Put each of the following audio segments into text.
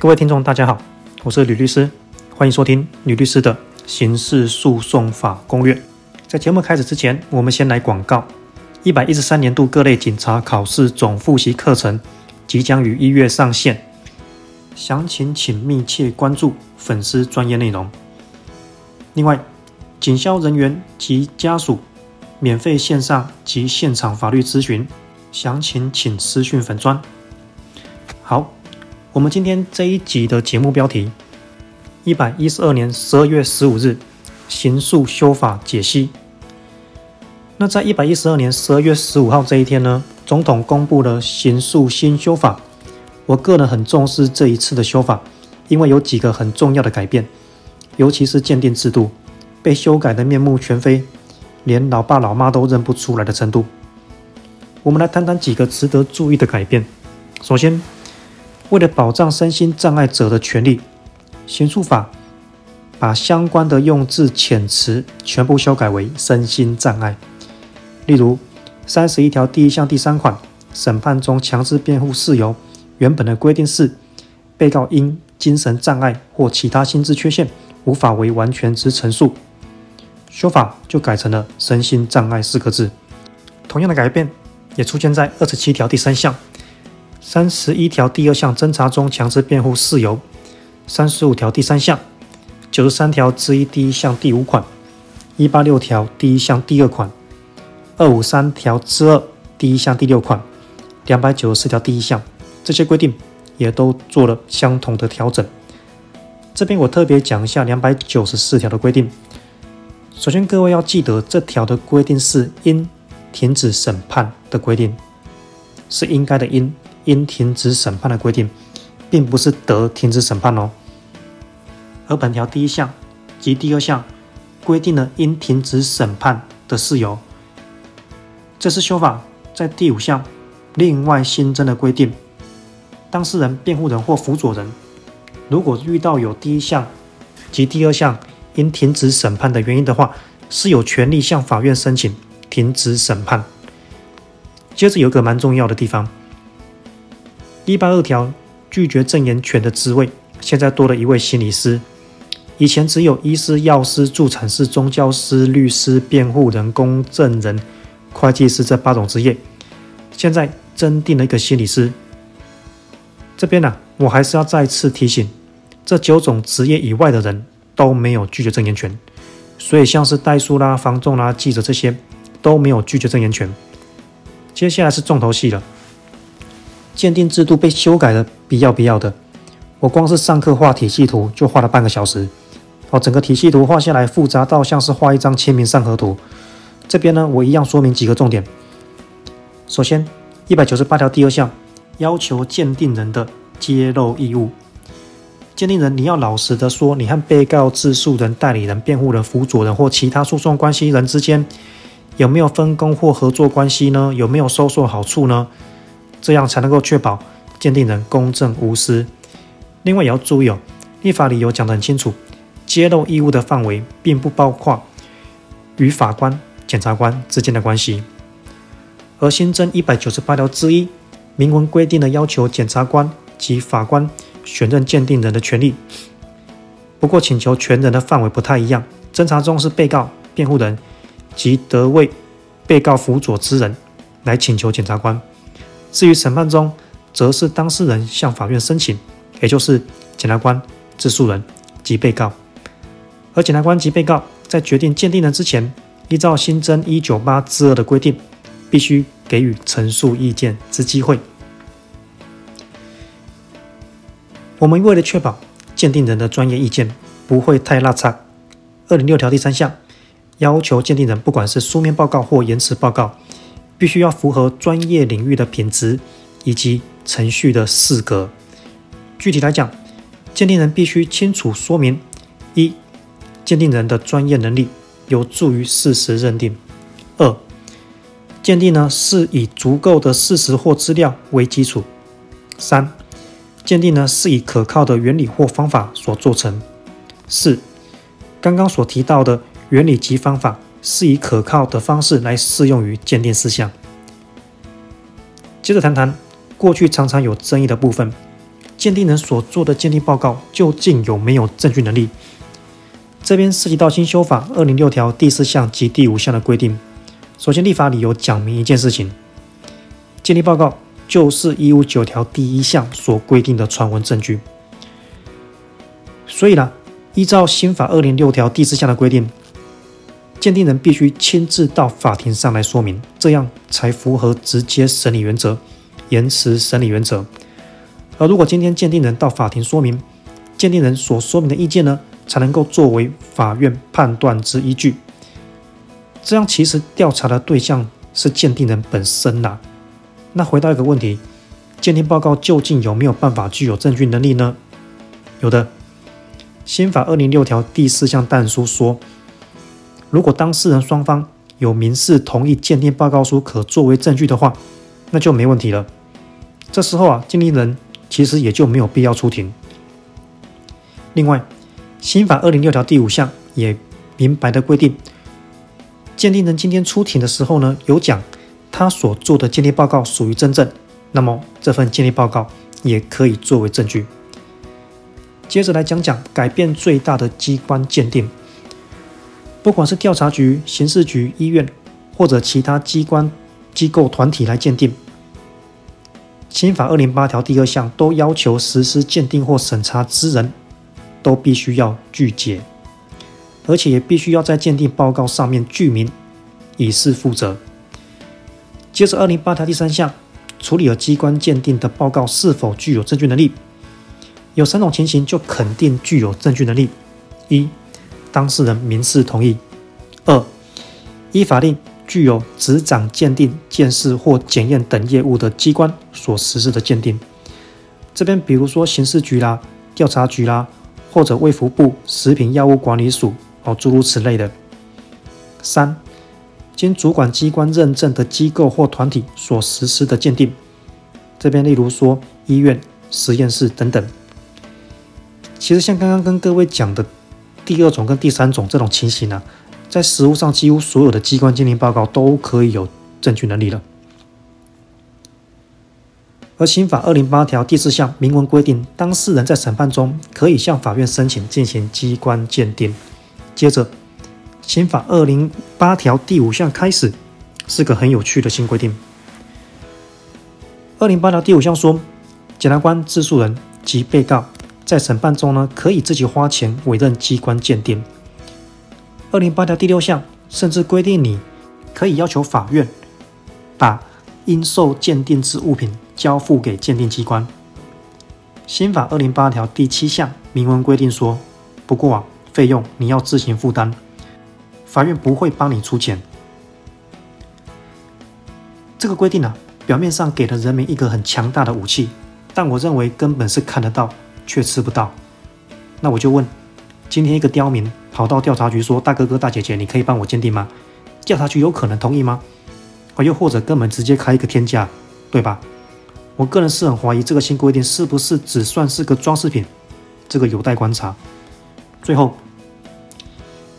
各位聽眾，大家好，我是呂律師，歡迎收聽呂律師的《刑事訴訟法攻略》。在節目開始之前，我們先來廣告：一百一十三年度各類警察考試總複習課程即將於一月上線，詳情請密切關注粉絲專業內容。另外，警消人員及家屬免費線上及現場法律諮詢，詳情請私訊粉專。好。我們今天這一集的節目標題：一百一十二年十二月十五日刑訴修法解析。那在一百一十二年十二月十五號這一天呢，總統公布了刑訴新修法。我個人很重視這一次的修法，因為有幾個很重要的改變，尤其是鑑定制度被修改得面目全非，連老爸老媽都認不出來的程度。我們來談談幾個值得注意的改變。首先，為了保障身心障礙者的權利，刑訴法把相關的用字遣詞全部修改為“身心障礙”。例如，三十一條第一項第三款審判中強制辯護事由原本的規定是“被告因精神障礙或其他心智缺陷無法為完全之陳述”，修法就改成了“身心障礙”四個字。同樣的改變也出現在二十七條第三項。三十一條第二項，偵查中強制辯護事由；三十五條第三項；九十三條之一第一項第五款；一八六條第一項第二款；二五三條之二第一項第六款；兩百九十四條第一項，這些規定也都做了相同的調整。這邊我特別講一下兩百九十四條的規定。首先，各位要記得這條的規定是應停止審判的規定，是應該的應。應停止審判的規定，並不是得停止審判哦。而本條第一項及第二項規定了應停止審判的事由。這是修法在第五項另外新增的規定。當事人、辯護人或輔佐人，如果遇到有第一項及第二項應停止審判的原因的話，是有權利向法院申請停止審判。接着有個蠻重要的地方。一八二條，拒絕證言權的職位現在多了一位心理師，以前只有醫師、藥師、助產士、宗教師、律師、辯護人、公證人、會計師這八種職業，現在增訂了一個心理師。這邊呢、啊，我還是要再次提醒，這九種職業以外的人都沒有拒絕證言權，所以像是代書啦、房仲啦、記者這些都沒有拒絕證言權。接下來是重頭戲了。鑑定制度被修改的比較必要的，我光是上課畫體系圖就畫了半個小時，好，整個體系圖畫下來複雜到像是畫一張清明上河圖。這邊呢，我一樣說明幾個重點。首先，一百九十八條第二項要求鑑定人的揭露義務。鑑定人，你要老實地說，你和被告、自訴人、代理人、辯護人、輔佐人或其他訴訟關係人之間有沒有分工或合作關係呢？有沒有收受好處呢？這樣才能夠確保鑑定人公正無私。另外也要注意哦，立法理由講得很清楚，揭露義務的範圍並不包括與法官、檢察官之間的關係。而新增一百九十八條之一明文規定了要求檢察官及法官選任鑑定人的權利。不過，請求權人的範圍不太一樣，偵查中是被告、辯護人及得為被告輔佐之人來請求檢察官。至於審判中，則是當事人向法院申請，也就是檢察官、自訴人及被告。而檢察官及被告在決定鑑定人之前，依照新增一九八之二的規定，必須給予陳述意見之機會。我們為了確保鑑定人的專業意見不會太落差，二零六條第三項要求鑑定人，不管是書面報告或言詞報告。必須要符合專業領域的品質以及程序的適格。具體來講，鑑定人必須清楚說明：一、鑑定人的專業能力有助於事實認定；二、鑑定呢是以足夠的事實或資料為基礎；三、鑑定呢是以可靠的原理或方法所做成；四、剛剛所提到的原理及方法。是以可靠的方式來適用於鑑定事項。接着談談過去常常有爭議的部分：鑑定人所做的鑑定報告究竟有沒有證據能力？這邊涉及到新修法二零六條第四項及第五項的規定。首先，立法理由講明一件事情：鑑定報告就是一五九條第一項所規定的傳聞證據。所以呢，依照新法二零六條第四項的規定。鑑定人必須親自到法庭上來說明，這樣才符合直接審理原則、延遲審理原則。而如果今天鑑定人到法庭說明，鑑定人所說明的意見呢，才能夠作為法院判斷之依據。這樣其實調查的對象是鑑定人本身啦、啊。那回到一個問題，鑑定報告究竟有沒有辦法具有證據能力呢？有的。《新法》二零六條第四項但書說。如果當事人雙方有民事同意鑑定報告書可作為證據的話，那就沒問題了。這時候啊，鑑定人其實也就沒有必要出庭。另外，《新法》二零六條第五項也明白的規定，鑑定人今天出庭的時候呢，有講他所做的鑑定報告屬於真正，那麼這份鑑定報告也可以作為證據。接着來講講改變最大的機關鑑定。不管是調查局、刑事局、醫院或者其他機關、機構、團體來鑑定，新法二零八條第二項都要求實施鑑定或審查之人都必須要具結，而且也必須要在鑑定報告上面具名，以示負責。接着二零八條第三項，處理了機關鑑定的報告是否具有證據能力，有三種情形就肯定具有證據能力：一、當事人明示同意；二、依法令具有執掌鑑定、鑑識或檢驗等業務的機關所實施的鑑定；這邊比如說刑事局啦、調查局啦，或者衛福部食品藥物管理署哦，諸如此類的。三、經主管機關認證的機構或團體所實施的鑑定；這邊例如說醫院、實驗室等等。其實像剛剛跟各位講的。第二種跟第三種這種情形呢，啊，在實務上幾乎所有的機關鑑定報告都可以有證據能力了。而刑法二零八條第四項明文規定，當事人在審判中可以向法院申請進行機關鑑定。接着，刑法二零八條第五項開始是個很有趣的新規定。二零八條第五項說，檢察官、自訴人及被告。在審判中呢，可以自己花錢委任機關鑑定。二零八條第六項甚至規定，你可以要求法院把應受鑑定之物品交付給鑑定機關。新法二零八條第七項明文規定說，不過啊，費用你要自行負擔，法院不會幫你出錢。這個規定啊，表面上給了人民一個很強大的武器，但我認為根本是看得到，卻吃不到，那我就問，今天一個刁民跑到調查局說：“大哥哥大姐姐，你可以幫我鑑定嗎？”調查局有可能同意嗎？啊，又或者根本直接開一個天價，對吧？我個人是很懷疑這個新規定是不是只算是個裝飾品，這個有待觀察。最後，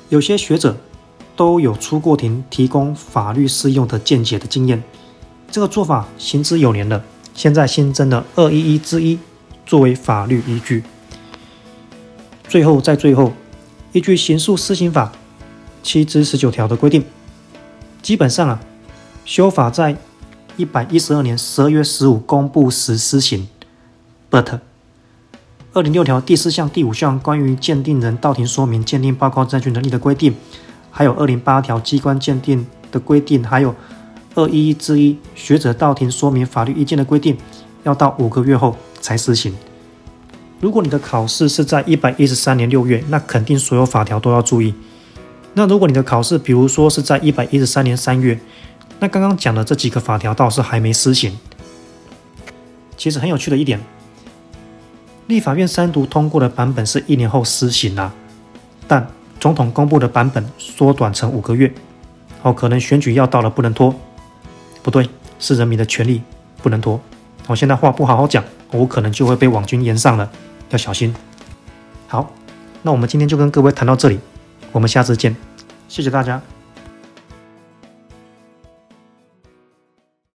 有些學者都有出過庭提供法律適用的見解的經驗，這個做法行之有年了，現在新增的二一一之一，作為法律依據。最後，在最後，依據《刑訴施行法》七之十九條的規定，基本上啊，修法在一百一十二年十二月十五公布時施行。But 二零六條第四項、第五項關於鑑定人到庭說明鑑定報告證據能力的規定，還有二零八條機關鑑定的規定，還有二一一之一學者到庭說明法律意見的規定，要到五個月後才施行。如果你的考試是在一百一十三年六月，那肯定所有法條都要注意。那如果你的考試，比如說是在一百一十三年三月，那剛剛講的這幾個法條倒是還沒施行。其實很有趣的一點，立法院三讀通過的版本是一年後施行啦，但總統公布的版本縮短成五個月。哦，可能選舉要到了，不能拖。不對，是人民的權利不能拖。我現在話不好好講，我可能就會被網軍淹上了，要小心。好，那我們今天就跟各位談到這裡，我們下次見，謝謝大家。